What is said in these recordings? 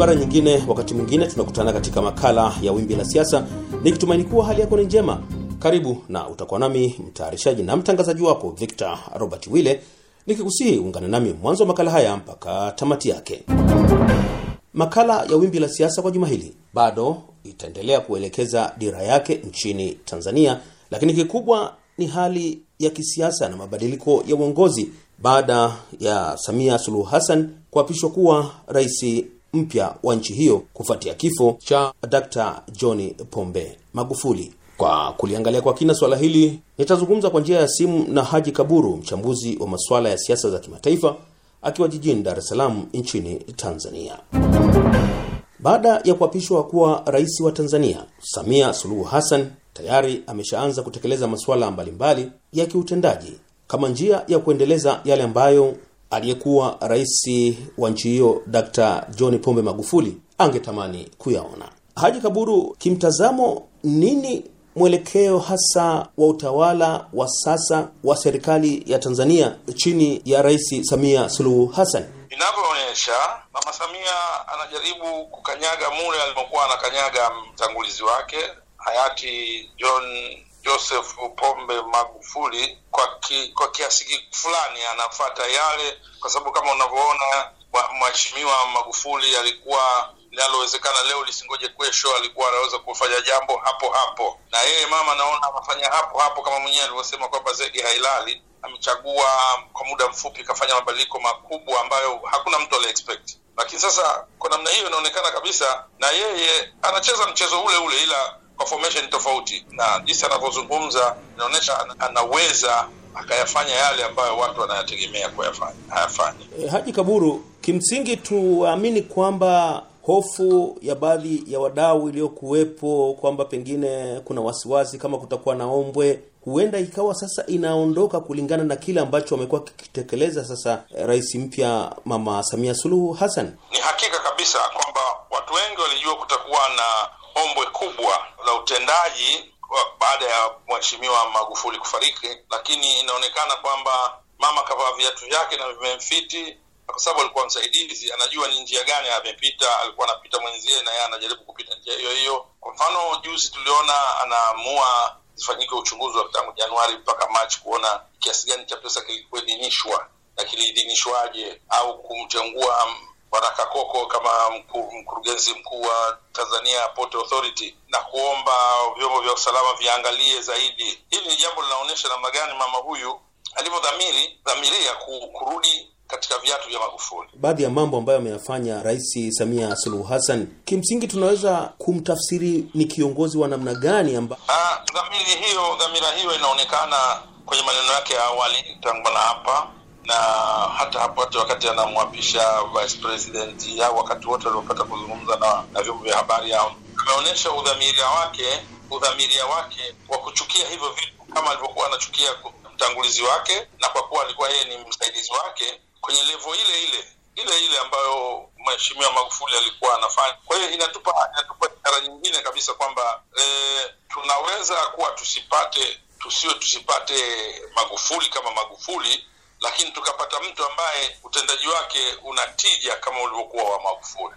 mara nyingine, wakati mwingine tunakutana katika makala ya Wimbi la Siasa, nikitumaini kuwa hali yako ni njema. Karibu na utakuwa nami mtayarishaji na mtangazaji wako Victor Robert wille nikikusihi ungana nami mwanzo wa makala haya mpaka tamati yake. Makala ya Wimbi la Siasa kwa juma hili bado itaendelea kuelekeza dira yake nchini Tanzania, lakini kikubwa ni hali ya kisiasa na mabadiliko ya uongozi baada ya Samia Suluhu Hassan kuapishwa kuwa rais mpya wa nchi hiyo kufuatia kifo cha Dr. John Pombe Magufuli. Kwa kuliangalia kwa kina swala hili, nitazungumza kwa njia ya simu na Haji Kaburu, mchambuzi wa masuala ya siasa za kimataifa, akiwa jijini Dar es Salaam nchini Tanzania. Baada ya kuapishwa kuwa rais wa Tanzania, Samia Suluhu Hassan tayari ameshaanza kutekeleza masuala mbalimbali ya kiutendaji kama njia ya kuendeleza yale ambayo aliyekuwa rais wa nchi hiyo Dr. John Pombe Magufuli angetamani kuyaona. Haji Kaburu, kimtazamo, nini mwelekeo hasa wa utawala wa sasa wa serikali ya Tanzania chini ya Rais Samia Suluhu Hassan? Inavyoonyesha Mama Samia anajaribu kukanyaga mule alipokuwa anakanyaga mtangulizi wake hayati John Joseph Pombe Magufuli kwa, ki, kwa kiasi fulani anafata yale, kwa sababu kama unavyoona mheshimiwa Magufuli alikuwa linalowezekana leo lisingoje kesho, alikuwa anaweza kufanya jambo hapo hapo, na yeye mama naona anafanya hapo hapo, kama mwenyewe alivyosema kwamba zege hailali. Amechagua kwa muda mfupi, kafanya mabadiliko makubwa ambayo hakuna mtu aliexpect, lakini sasa kwa namna hiyo inaonekana kabisa na yeye anacheza mchezo ule ule, ila formation tofauti, na jinsi anavyozungumza inaonyesha anaweza akayafanya yale ambayo watu wanayategemea kuyafanya E, Haji Kaburu, kimsingi tuamini kwamba hofu ya baadhi ya wadau iliyokuwepo kwamba pengine kuna wasiwasi kama kutakuwa na ombwe huenda ikawa sasa inaondoka kulingana na kile ambacho wamekuwa kikitekeleza sasa eh, rais mpya Mama Samia Suluhu Hassan. Ni hakika kabisa kwamba watu wengi walijua kutakuwa na ombwe kubwa la utendaji baada ya mheshimiwa Magufuli kufariki, lakini inaonekana kwamba mama kavaa viatu vyake na vimemfiti kwa sababu alikuwa msaidizi, anajua ni njia gani amepita. Alikuwa anapita mwenzie, na yeye anajaribu kupita njia hiyo hiyo. Kwa mfano, juzi tuliona anaamua zifanyike uchunguzi wa tangu Januari mpaka Machi kuona kiasi gani cha pesa kilikuidhinishwa na kiliidhinishwaje, au kumtengua bwana kakoko kama mku, mkurugenzi mkuu wa Tanzania Port Authority na kuomba vyombo vya usalama viangalie zaidi. Hili ni jambo linaonyesha namna gani mama huyu alivyodhamiri dhamiria kurudi katika viatu vya Magufuli. Baadhi ya mambo ambayo ameyafanya Rais Samia Suluhu Hassan kimsingi tunaweza kumtafsiri ni kiongozi wa namna gani amba... Ah, dhamiri hiyo dhamira hiyo inaonekana kwenye maneno yake ya awali tangu na hapa na hata hapo hata wakati anamwapisha vice president au wakati wote waliopata kuzungumza na, na vyombo vya habari hao ameonyesha udhamiria wake udhamiria wake wa kuchukia hivyo vitu kama alivyokuwa anachukia mtangulizi wake na kwa kuwa alikuwa yeye ni msaidizi wake kwenye levo ile ile ile ile ambayo mheshimiwa magufuli alikuwa anafanya kwa hiyo inatupa inatupa ishara nyingine kabisa kwamba e, tunaweza kuwa tusipate tusiwe tusipate magufuli kama magufuli lakini tukapata mtu ambaye utendaji wake una tija kama ulivyokuwa wa Magufuli.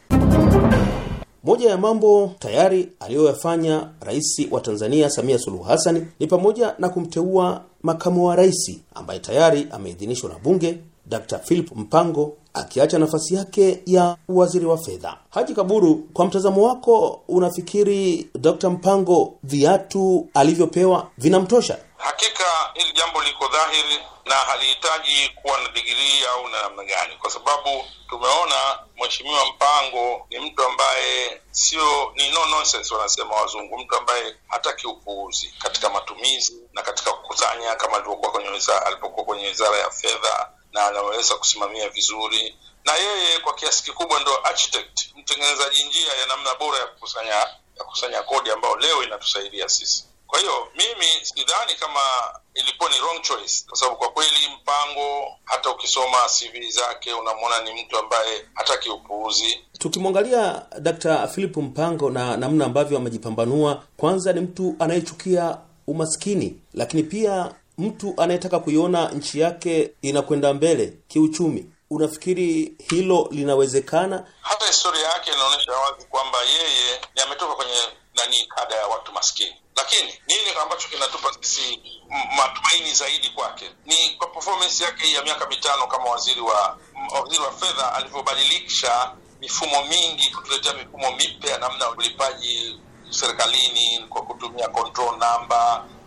Moja ya mambo tayari aliyoyafanya Rais wa Tanzania Samia Suluhu Hassan ni pamoja na kumteua makamu wa rais ambaye tayari ameidhinishwa na Bunge, Dr. Philip Mpango akiacha nafasi yake ya waziri wa fedha. Haji Kaburu, kwa mtazamo wako, unafikiri Dr. Mpango viatu alivyopewa vinamtosha? Hakika hili jambo liko dhahiri na halihitaji kuwa na digirii au na namna gani, kwa sababu tumeona Mheshimiwa Mpango ni mtu ambaye sio ni no nonsense wanasema wazungu, mtu ambaye hataki upuuzi katika matumizi na katika kukusanya, kama alivyokuwa kwenye wizara, alipokuwa kwenye wizara ya fedha, na anaweza kusimamia vizuri, na yeye kwa kiasi kikubwa ndo architect, mtengenezaji njia ya namna bora ya kukusanya ya kukusanya kodi ambayo leo inatusaidia sisi. Kwa hiyo mimi sidhani kama ilikuwa ni wrong choice, kwa sababu kwa kweli Mpango hata ukisoma CV zake unamwona ni mtu ambaye hataki upuuzi. Tukimwangalia d Philip Mpango na namna ambavyo amejipambanua, kwanza ni mtu anayechukia umaskini, lakini pia mtu anayetaka kuiona nchi yake inakwenda mbele kiuchumi. Unafikiri hilo linawezekana? Hata historia yake inaonyesha wazi kwamba yeye ametoka kwenye nani kada ya watu maskini lakini nini ambacho kinatupa sisi matumaini zaidi kwake ni kwa performance yake ya miaka mitano kama waziri wa waziri wa fedha alivyobadilisha mifumo mingi kutuletea mifumo mipya namna ya ulipaji serikalini kwa kutumia control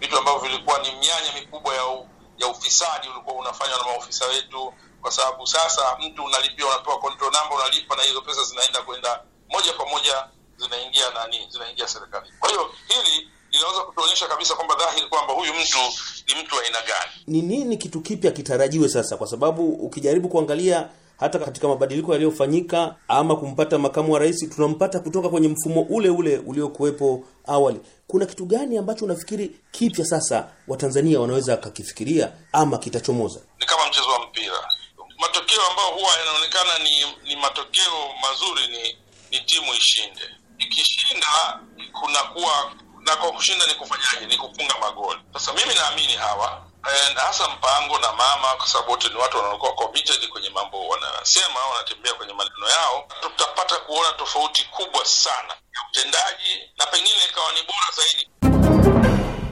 vitu ambavyo vilikuwa ni mianya mikubwa ya, u, ya ufisadi ulikuwa unafanywa na maofisa wetu kwa sababu sasa mtu unalipia unapewa control unalipa na hizo pesa zinaenda kwenda moja kwa moja zinaingia nani zinaingia serikali kwa hiyo hili linaweza kutuonyesha kabisa kwamba dhahiri kwamba huyu mtu ni mtu aina gani. Ni nini kitu kipya kitarajiwe sasa, kwa sababu ukijaribu kuangalia hata katika mabadiliko yaliyofanyika ama kumpata makamu wa rais, tunampata kutoka kwenye mfumo ule ule uliokuwepo awali. Kuna kitu gani ambacho unafikiri kipya sasa Watanzania wanaweza akakifikiria ama kitachomoza? Ni kama mchezo wa mpira, matokeo ambayo huwa yanaonekana ni, ni matokeo mazuri ni, ni timu ishinde. Ikishinda kunakuwa na kwa kushinda ni kufanyaje? Ni kufunga magoli. Sasa mimi naamini hawa hasa Mpango na Mama, kwa sababu wote ni watu wanaokuwa committed kwenye mambo wanasema, wanatembea kwenye maneno yao, tutapata kuona tofauti kubwa sana ya utendaji na pengine ikawa ni bora zaidi.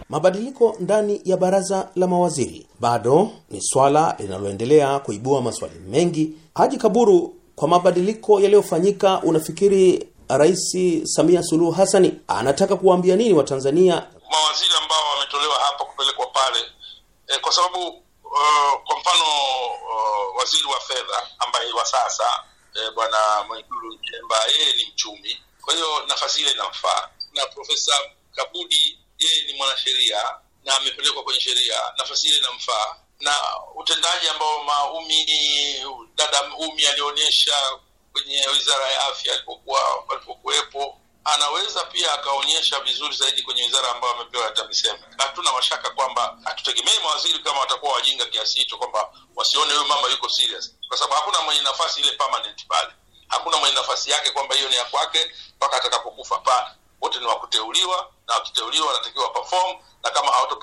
Mabadiliko ndani ya baraza la mawaziri bado ni swala linaloendelea kuibua maswali mengi. Haji Kaburu, kwa mabadiliko yaliyofanyika, unafikiri Rais Samia Suluhu Hasani anataka kuwaambia nini Watanzania, mawaziri ambao wametolewa hapa kupelekwa pale e, kwa sababu uh, kwa mfano uh, waziri wa fedha ambaye wa sasa e, bwana Mwigulu jemba yeye ni mchumi, kwa hiyo nafasi ile inamfaa, na Profesa Kabudi yeye ni mwanasheria na amepelekwa kwenye sheria, nafasi ile inamfaa na utendaji ambao maumi dada Umi alionyesha kwenye wizara ya afya alipokuwa alipokuwepo anaweza pia akaonyesha vizuri zaidi kwenye wizara ambayo amepewa TAMISEMI. Hatuna mashaka kwamba hatutegemei mawaziri kama watakuwa wajinga kiasi hicho kwamba wasione huyo mama yuko serious, kwa sababu hakuna mwenye nafasi ile permanent pale, hakuna mwenye nafasi yake kwamba hiyo ni ya kwake mpaka atakapokufa. Pale wote ni wakuteuliwa, na wakiteuliwa wanatakiwa perform, na kama hawato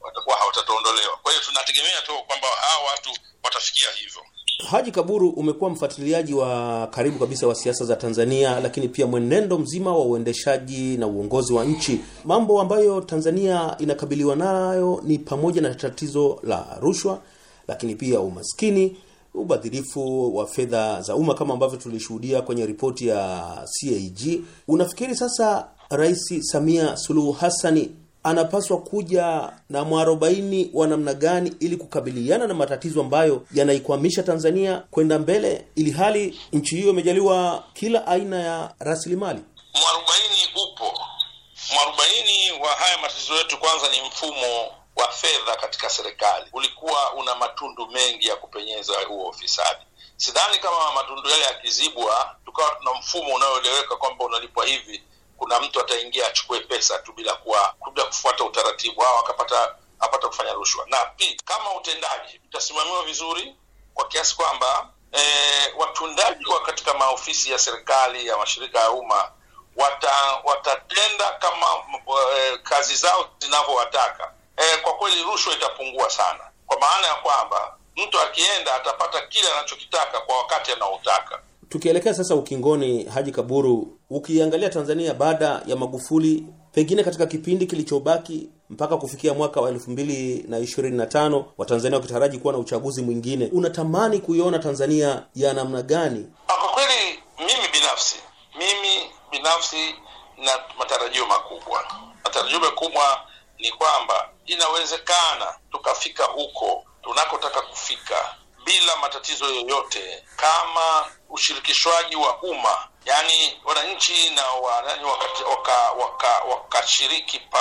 watakuwa hawatatoondolewa Kwa hiyo tunategemea tu kwamba hawa watu watafikia hivyo. Haji Kaburu, umekuwa mfuatiliaji wa karibu kabisa wa siasa za Tanzania, lakini pia mwenendo mzima wa uendeshaji na uongozi wa nchi. Mambo ambayo Tanzania inakabiliwa nayo ni pamoja na tatizo la rushwa, lakini pia umaskini, ubadhirifu wa fedha za umma kama ambavyo tulishuhudia kwenye ripoti ya CAG. Unafikiri sasa Rais Samia Suluhu Hassani anapaswa kuja na mwarobaini wa namna gani ili kukabiliana na matatizo ambayo yanaikwamisha Tanzania kwenda mbele, ili hali nchi hiyo imejaliwa kila aina ya rasilimali. Mwarobaini upo, mwarobaini wa haya matatizo yetu kwanza ni mfumo wa fedha katika serikali ulikuwa una matundu mengi ya kupenyeza huo ufisadi. Sidhani kama matundu yale yakizibwa, tukawa tuna mfumo unaoeleweka kwamba unalipwa hivi kuna mtu ataingia achukue pesa tu bila kuwa bila kufuata utaratibu au akapata apata kufanya rushwa. Na pili, kama utendaji utasimamiwa vizuri kwa kiasi kwamba e, watundaji wa katika maofisi ya serikali ya mashirika ya umma wata, watatenda kama e, kazi zao zinavyowataka. E, kwa kweli rushwa itapungua sana, kwa maana ya kwamba mtu akienda atapata kile anachokitaka kwa wakati anaotaka. Tukielekea sasa ukingoni, Haji Kaburu, ukiangalia Tanzania baada ya Magufuli, pengine katika kipindi kilichobaki mpaka kufikia mwaka wa 2025 Watanzania wakitaraji kuwa na uchaguzi mwingine, unatamani kuiona Tanzania ya namna gani? Ah, kwa kweli, mimi binafsi mimi binafsi na matarajio makubwa. Matarajio makubwa ni kwamba inawezekana tukafika huko tunakotaka kufika bila matatizo yoyote, kama ushirikishwaji wa umma yaani wananchi na wanani wakashiriki waka, waka, waka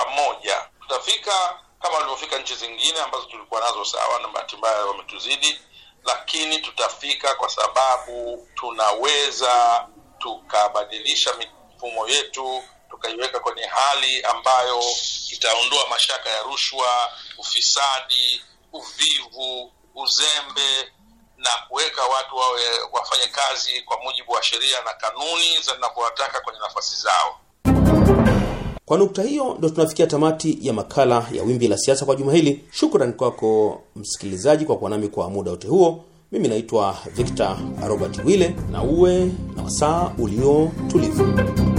pamoja, tutafika kama walivyofika nchi zingine ambazo tulikuwa nazo sawa, na bahatimbaya wametuzidi, lakini tutafika kwa sababu tunaweza tukabadilisha mifumo yetu tukaiweka kwenye hali ambayo itaondoa mashaka ya rushwa, ufisadi, uvivu, uzembe na kuweka watu wawe wafanye kazi kwa mujibu wa sheria na kanuni zinavyowataka kwenye nafasi zao. Kwa nukta hiyo ndo tunafikia tamati ya makala ya Wimbi la Siasa kwa juma hili. Shukrani kwako msikilizaji kwa kuwa nami kwa muda wote huo. Mimi naitwa Victor Robert Wile, na uwe na wasaa ulio tulivu.